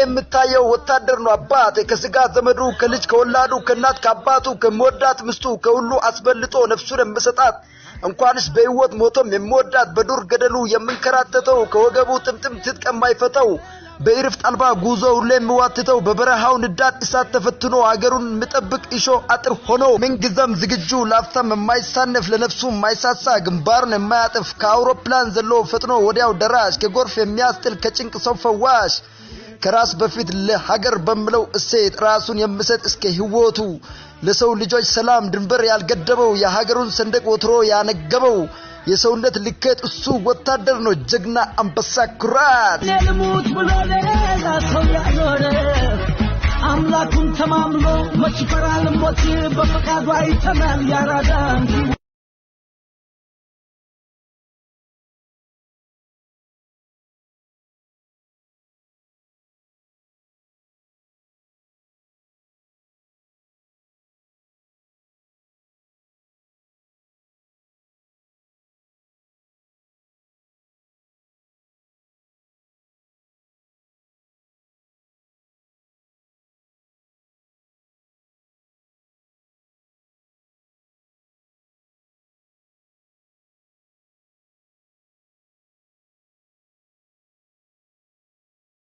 የምታየው ወታደር ነው። አባት ከስጋ ዘመዱ ከልጅ ከወላዱ ከእናት ከአባቱ ከሚወዳት ምስቱ ከሁሉ አስበልጦ ነፍሱን የምሰጣት እንኳንስ በሕይወት ሞቶም የምወዳት በዱር ገደሉ የምንከራተተው ከወገቡ ጥምጥም ትጥቅ የማይፈተው በእረፍት አልባ ጉዞ ሁሌ የምዋትተው በበረሃው ንዳድ እሳት ተፈትኖ አገሩን የሚጠብቅ እሾ አጥር ሆኖ ምንጊዜም ዝግጁ ላፍታም የማይሳነፍ ለነፍሱ የማይሳሳ ግንባሩን የማያጥፍ ከአውሮፕላን ዘሎ ፈጥኖ ወዲያው ደራሽ ከጎርፍ የሚያስጥል ከጭንቅ ሰው ፈዋሽ ከራስ በፊት ለሀገር በምለው እሴት ራሱን የሚሰጥ እስከ ህይወቱ ለሰው ልጆች ሰላም ድንበር ያልገደበው የሀገሩን ሰንደቅ ወትሮ ያነገበው የሰውነት ልኬት እሱ ወታደር ነው፣ ጀግና አንበሳ ኩራት ልሙት ብሎ ሌላ ሰው ያኖረ አምላኩን ተማምሎ መች በፈቃዱ አይተናል ያራዳ